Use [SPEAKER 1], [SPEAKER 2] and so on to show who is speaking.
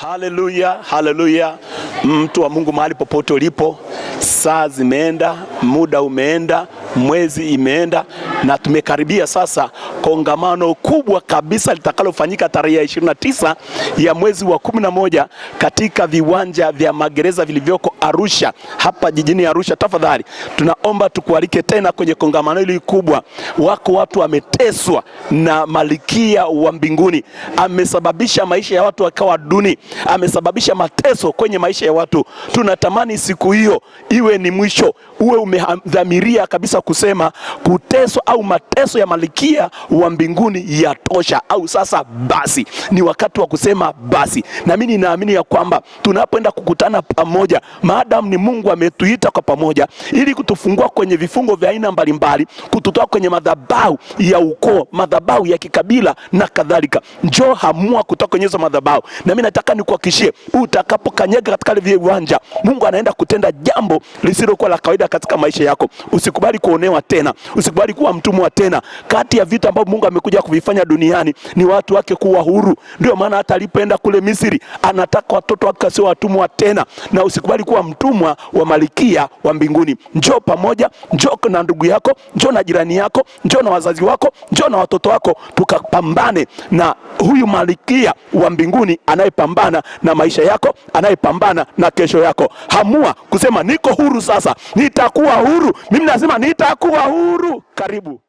[SPEAKER 1] Haleluya, haleluya, mtu wa Mungu mahali popote ulipo saa zimeenda, muda umeenda, mwezi imeenda, na tumekaribia sasa kongamano kubwa kabisa litakalofanyika tarehe ya 29 ya mwezi wa 11 katika viwanja vya magereza vilivyoko Arusha, hapa jijini Arusha. Tafadhali tunaomba tukualike tena kwenye kongamano hili kubwa. Wako watu wameteswa na malikia wa mbinguni, amesababisha maisha ya watu akawa duni, amesababisha mateso kwenye maisha ya watu. Tunatamani siku hiyo iwe ni mwisho, uwe umedhamiria kabisa kusema kuteswa au mateso ya malikia wa mbinguni yatosha, au sasa basi, ni wakati wa kusema basi. Na mimi ninaamini ya kwamba tunapoenda kukutana pamoja, maadamu ni Mungu ametuita kwa pamoja, ili kutufungua kwenye vifungo vya aina mbalimbali, kututoa kwenye madhabahu ya ukoo, madhabahu ya kikabila na kadhalika, njo hamua kutoka kwenye hizo madhabahu. Na mimi nataka nikuhakishie, utakapokanyaga katika vile viwanja, Mungu anaenda kutenda jambo lisilokuwa la kawaida katika maisha yako. Usikubali kuonewa tena, usikubali kuwa mtumwa tena. Kati ya vitu ambavyo Mungu amekuja kuvifanya duniani ni watu wake kuwa huru. Ndio maana hata alipoenda kule Misri, anataka watoto wake wasio watumwa tena, na usikubali kuwa mtumwa wa malikia wa mbinguni. Njoo pamoja, njoo na ndugu yako, njoo na jirani yako, njoo na wazazi wako, njoo na watoto wako, tukapambane na huyu malikia wa mbinguni anayepambana na maisha yako, anayepambana na kesho yako. Hamua kusema niko huru sasa, nitakuwa huru. Mimi nasema nitakuwa huru. Karibu.